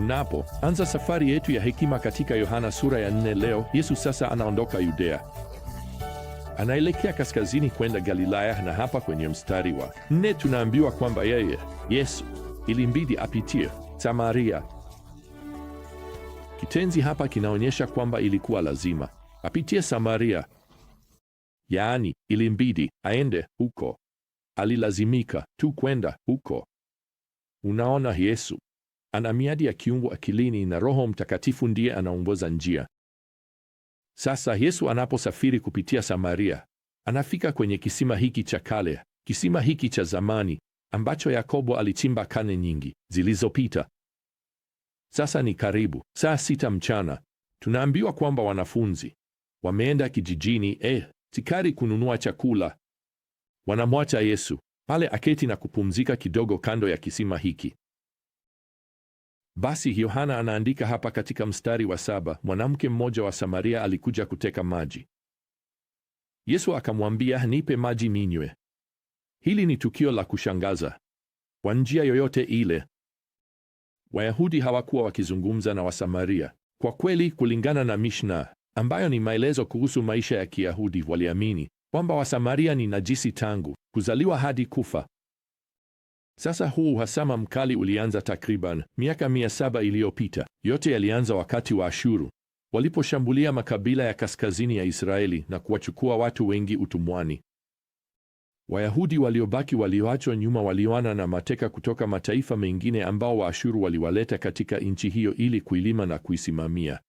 Tunapo anza safari yetu ya hekima katika Yohana sura ya nne leo, Yesu sasa anaondoka Yudea, anaelekea kaskazini kwenda Galilaya, na hapa kwenye mstari wa nne tunaambiwa kwamba yeye Yesu ilimbidi apitie Samaria. Kitenzi hapa kinaonyesha kwamba ilikuwa lazima apitie Samaria, yaani ilimbidi aende huko, alilazimika tu kwenda huko. Unaona, Yesu ana miadi ya kiungu akilini na Roho Mtakatifu ndiye anaongoza njia. Sasa Yesu anaposafiri kupitia Samaria, anafika kwenye kisima hiki cha kale, kisima hiki cha zamani ambacho Yakobo alichimba kane nyingi zilizopita. Sasa ni karibu saa sita mchana. Tunaambiwa kwamba wanafunzi wameenda kijijini eh, tikari kununua chakula. Wanamwacha Yesu pale aketi na kupumzika kidogo kando ya kisima hiki. Basi Yohana anaandika hapa katika mstari wa saba, mwanamke mmoja wa Samaria alikuja kuteka maji. Yesu akamwambia, nipe maji ninywe. Hili ni tukio la kushangaza kwa njia yoyote ile. Wayahudi hawakuwa wakizungumza na Wasamaria. Kwa kweli, kulingana na Mishna ambayo ni maelezo kuhusu maisha ya Kiyahudi, waliamini kwamba Wasamaria ni najisi tangu kuzaliwa hadi kufa. Sasa huu uhasama mkali ulianza takriban miaka mia saba iliyopita. Yote yalianza wakati wa Ashuru waliposhambulia makabila ya kaskazini ya Israeli na kuwachukua watu wengi utumwani. Wayahudi waliobaki walioachwa nyuma walioana na mateka kutoka mataifa mengine ambao Waashuru waliwaleta katika nchi hiyo ili kuilima na kuisimamia.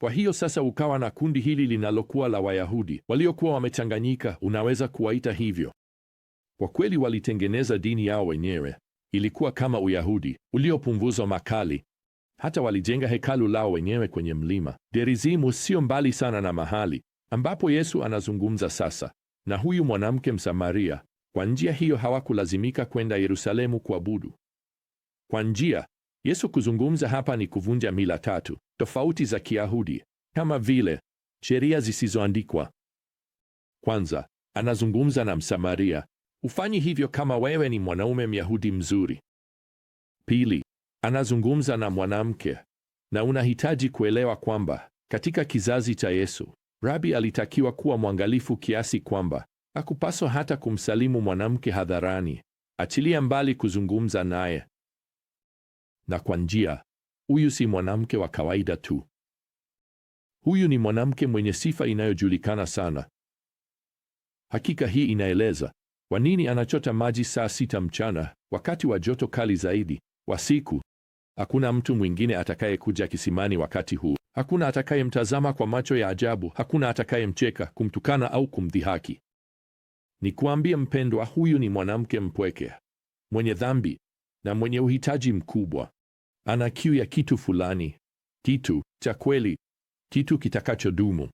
Kwa hiyo sasa ukawa na kundi hili linalokuwa la Wayahudi waliokuwa wamechanganyika, unaweza kuwaita hivyo, kwa kweli walitengeneza dini yao wenyewe. Ilikuwa kama Uyahudi uliopunguzwa makali. Hata walijenga hekalu lao wenyewe kwenye mlima Derizimu, sio mbali sana na mahali ambapo Yesu anazungumza sasa na huyu mwanamke Msamaria. Kwa njia hiyo hawakulazimika kwenda Yerusalemu kuabudu. Kwa njia Yesu kuzungumza hapa ni kuvunja mila tatu tofauti za Kiyahudi kama vile sheria zisizoandikwa. Kwanza anazungumza na Msamaria ufanyi hivyo kama wewe ni mwanaume Myahudi mzuri. Pili, anazungumza na mwanamke, na unahitaji kuelewa kwamba katika kizazi cha Yesu, Rabi alitakiwa kuwa mwangalifu kiasi kwamba akupaswa hata kumsalimu mwanamke hadharani, achilia mbali kuzungumza naye. Na kwa njia, huyu si mwanamke wa kawaida tu. Huyu ni mwanamke mwenye sifa inayojulikana sana. Hakika hii inaeleza kwa nini anachota maji saa sita mchana wakati wa joto kali zaidi wa siku? Hakuna mtu mwingine atakayekuja kisimani wakati huu. Hakuna atakayemtazama kwa macho ya ajabu. Hakuna atakayemcheka, kumtukana au kumdhihaki. ni kuambia mpendwa, huyu ni mwanamke mpweke, mwenye dhambi na mwenye uhitaji mkubwa. Ana kiu ya kitu fulani, kitu cha kweli, kitu kitakachodumu.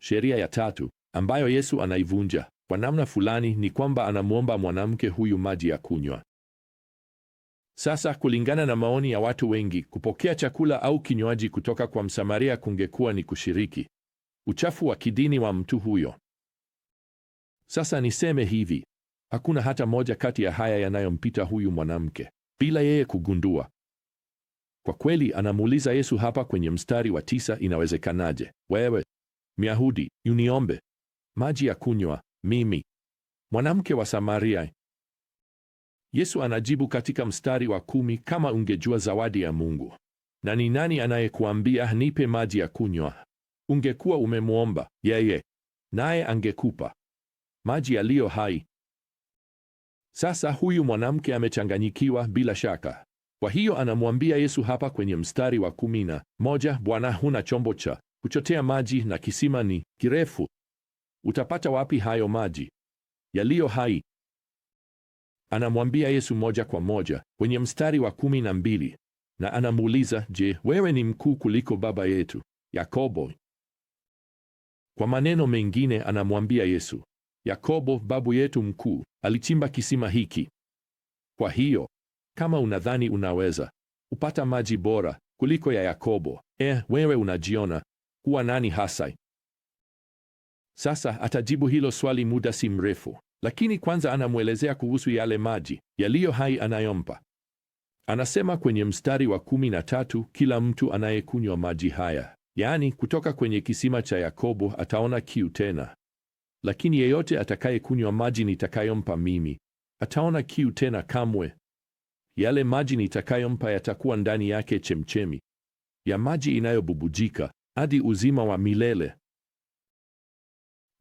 Sheria ya tatu ambayo Yesu anaivunja kwa namna fulani ni kwamba anamwomba mwanamke huyu maji ya kunywa. Sasa, kulingana na maoni ya watu wengi, kupokea chakula au kinywaji kutoka kwa Msamaria kungekuwa ni kushiriki uchafu wa kidini wa mtu huyo. Sasa niseme hivi, hakuna hata moja kati ya haya yanayompita huyu mwanamke bila yeye kugundua. Kwa kweli, anamuuliza Yesu hapa kwenye mstari wa tisa, inawezekanaje wewe Myahudi uniombe maji ya kunywa? mimi mwanamke wa Samaria? Yesu anajibu katika mstari wa kumi, kama ungejua zawadi ya Mungu na ni nani anayekuambia nipe maji ya kunywa, ungekuwa umemwomba yeye, naye angekupa maji yaliyo hai. Sasa huyu mwanamke amechanganyikiwa bila shaka. Kwa hiyo anamwambia Yesu hapa kwenye mstari wa kumi na moja, Bwana, huna chombo cha kuchotea maji na kisima ni kirefu Utapata wapi hayo maji yaliyo hai? Anamwambia Yesu moja kwa moja kwenye mstari wa kumi na mbili na anamuuliza, je, wewe ni mkuu kuliko baba yetu Yakobo? Kwa maneno mengine, anamwambia Yesu, Yakobo babu yetu mkuu alichimba kisima hiki. Kwa hiyo kama unadhani unaweza upata maji bora kuliko ya Yakobo, eh, wewe unajiona kuwa nani hasa? Sasa atajibu hilo swali muda si mrefu, lakini kwanza anamwelezea kuhusu yale maji yaliyo hai anayompa. Anasema kwenye mstari wa kumi na tatu, kila mtu anayekunywa maji haya, yaani kutoka kwenye kisima cha Yakobo, ataona kiu tena, lakini yeyote atakayekunywa maji nitakayompa mimi ataona kiu tena kamwe. Yale maji nitakayompa yatakuwa ndani yake chemchemi ya maji inayobubujika hadi uzima wa milele.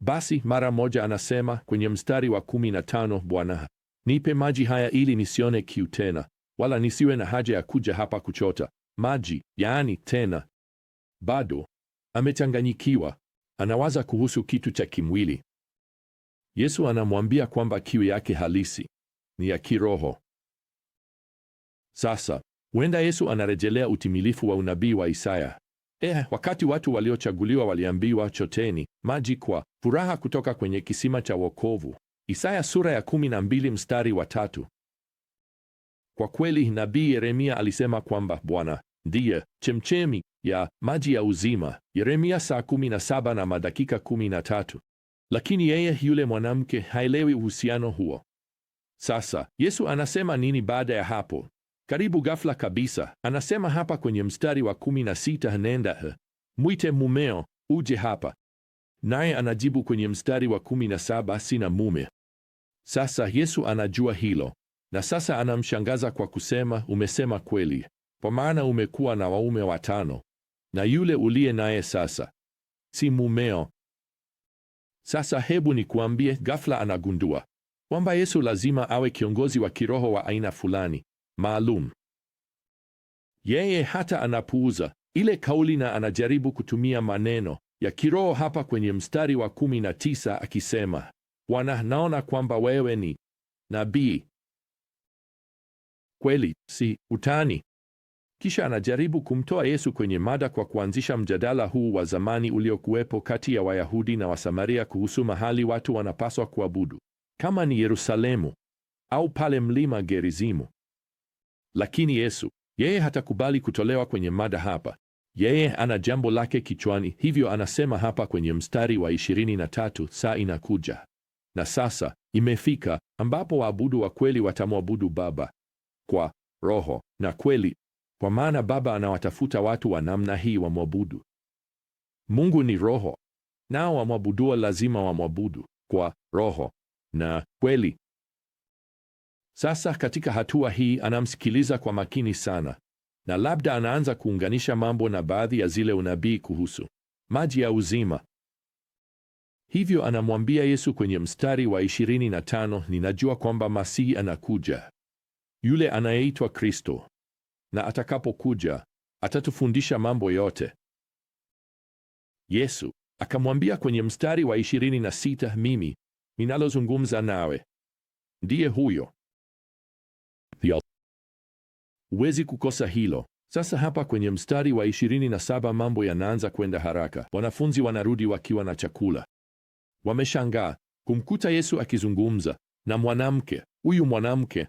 Basi mara moja anasema kwenye mstari wa kumi na tano, Bwana nipe maji haya ili nisione kiu tena, wala nisiwe na haja ya kuja hapa kuchota maji. Yaani tena bado amechanganyikiwa, anawaza kuhusu kitu cha kimwili. Yesu anamwambia kwamba kiu yake halisi ni ya kiroho. Sasa huenda Yesu anarejelea utimilifu wa unabii wa Isaya Eh, wakati watu waliochaguliwa waliambiwa choteni maji kwa furaha kutoka kwenye kisima cha wokovu. Isaya sura ya 12 mstari wa tatu. Kwa kweli nabii Yeremia alisema kwamba Bwana ndiye chemchemi ya maji ya uzima, Yeremia saa kumi na madakika tatu. Lakini yeye yule mwanamke haelewi uhusiano huo. Sasa Yesu anasema nini baada ya hapo? karibu ghafla kabisa. Anasema hapa kwenye mstari wa kumi na sita nenda eh, mwite mumeo uje hapa, naye anajibu kwenye mstari wa kumi na saba sina mume. Sasa Yesu anajua hilo, na sasa anamshangaza kwa kusema, umesema kweli, kwa maana umekuwa na waume watano, na yule uliye naye sasa si mumeo. Sasa hebu nikuambie, ghafla anagundua kwamba Yesu lazima awe kiongozi wa kiroho wa aina fulani maalum. Yeye hata anapuuza ile kauli na anajaribu kutumia maneno ya kiroho hapa kwenye mstari wa kumi na tisa akisema, Bwana, naona kwamba wewe ni nabii. Kweli, si utani. Kisha anajaribu kumtoa Yesu kwenye mada kwa kuanzisha mjadala huu wa zamani uliokuwepo kati ya Wayahudi na Wasamaria kuhusu mahali watu wanapaswa kuabudu, kama ni Yerusalemu au pale mlima Gerizimu. Lakini Yesu yeye hatakubali kutolewa kwenye mada hapa. Yeye ana jambo lake kichwani, hivyo anasema hapa kwenye mstari wa 23, saa inakuja na sasa imefika ambapo waabudu wa kweli watamwabudu Baba kwa roho na kweli, kwa maana Baba anawatafuta watu wa namna hii wamwabudu. Mungu ni roho, nao wamwabuduo lazima wamwabudu kwa roho na kweli. Sasa katika hatua hii anamsikiliza kwa makini sana, na labda anaanza kuunganisha mambo na baadhi ya zile unabii kuhusu maji ya uzima. Hivyo anamwambia Yesu kwenye mstari wa 25, ninajua kwamba Masihi anakuja, yule anayeitwa Kristo, na atakapokuja atatufundisha mambo yote. Yesu akamwambia kwenye mstari wa 26, mimi ninalozungumza nawe ndiye huyo the Wezi kukosa hilo. Sasa hapa kwenye mstari wa ishirini na saba mambo yanaanza kwenda haraka. Wanafunzi wanarudi wakiwa na chakula, wameshangaa kumkuta Yesu akizungumza na mwanamke huyu. Mwanamke,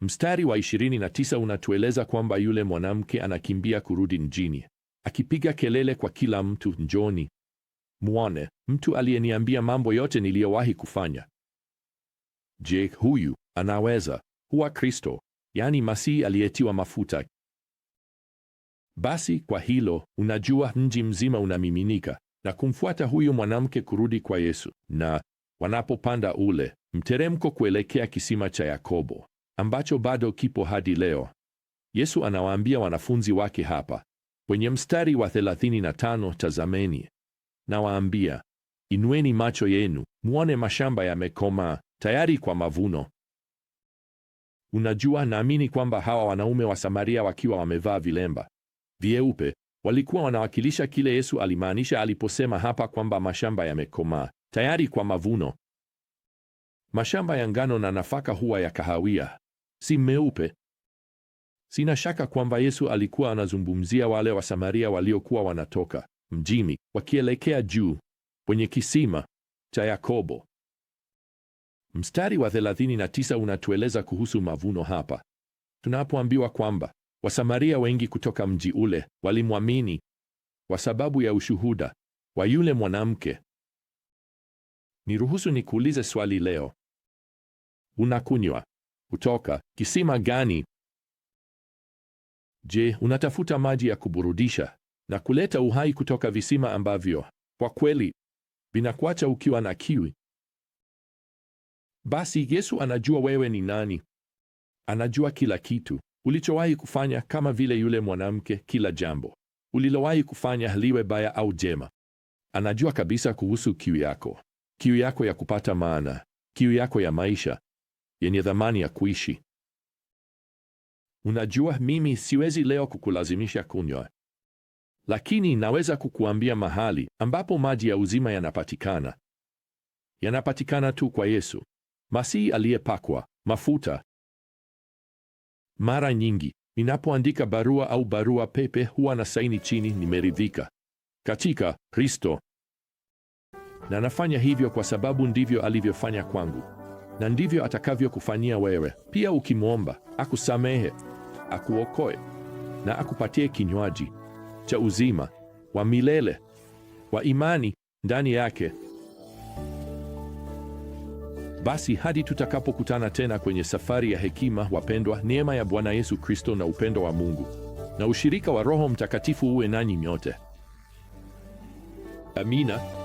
mstari wa ishirini na tisa unatueleza kwamba yule mwanamke anakimbia kurudi mjini akipiga kelele kwa kila mtu, njoni mwone mtu aliyeniambia mambo yote niliyowahi kufanya. Je, huyu anaweza kuwa Kristo, yani Masihi aliyetiwa mafuta. Basi kwa hilo, unajua, mji mzima unamiminika na kumfuata huyu mwanamke kurudi kwa Yesu, na wanapopanda ule mteremko kuelekea kisima cha Yakobo ambacho bado kipo hadi leo, Yesu anawaambia wanafunzi wake hapa kwenye mstari wa 35, tazameni, nawaambia, inueni macho yenu muone mashamba yamekomaa tayari kwa mavuno, Unajua, naamini kwamba hawa wanaume wa Samaria wakiwa wamevaa vilemba vyeupe walikuwa wanawakilisha kile Yesu alimaanisha aliposema hapa kwamba mashamba yamekomaa tayari kwa mavuno. Mashamba ya ngano na nafaka huwa ya kahawia, si meupe. Sina shaka kwamba Yesu alikuwa anazungumzia wale wa Samaria waliokuwa wanatoka mjini wakielekea juu kwenye kisima cha Yakobo. Mstari wa 39 unatueleza kuhusu mavuno hapa. Tunapoambiwa kwamba Wasamaria wengi kutoka mji ule walimwamini kwa sababu ya ushuhuda wa yule mwanamke. Niruhusu nikuulize swali leo. Unakunywa kutoka kisima gani? Je, unatafuta maji ya kuburudisha na kuleta uhai kutoka visima ambavyo kwa kweli vinakuacha ukiwa na kiwi? Basi Yesu anajua wewe ni nani. Anajua kila kitu ulichowahi kufanya, kama vile yule mwanamke, kila jambo ulilowahi kufanya, liwe baya au jema. Anajua kabisa kuhusu kiu yako, kiu yako ya kupata maana, kiu yako ya maisha yenye thamani ya kuishi. Unajua, mimi siwezi leo kukulazimisha kunywa, lakini naweza kukuambia mahali ambapo maji ya uzima yanapatikana. Yanapatikana tu kwa Yesu. Masihi aliyepakwa mafuta. Mara nyingi ninapoandika barua au barua pepe huwa na saini chini, nimeridhika katika Kristo, na nafanya hivyo kwa sababu ndivyo alivyofanya kwangu na ndivyo atakavyokufanyia wewe pia, ukimwomba akusamehe, akuokoe na akupatie kinywaji cha uzima wa milele wa imani ndani yake. Basi hadi tutakapokutana tena kwenye safari ya hekima, wapendwa, neema ya Bwana Yesu Kristo na upendo wa Mungu na ushirika wa Roho Mtakatifu uwe nanyi nyote. Amina.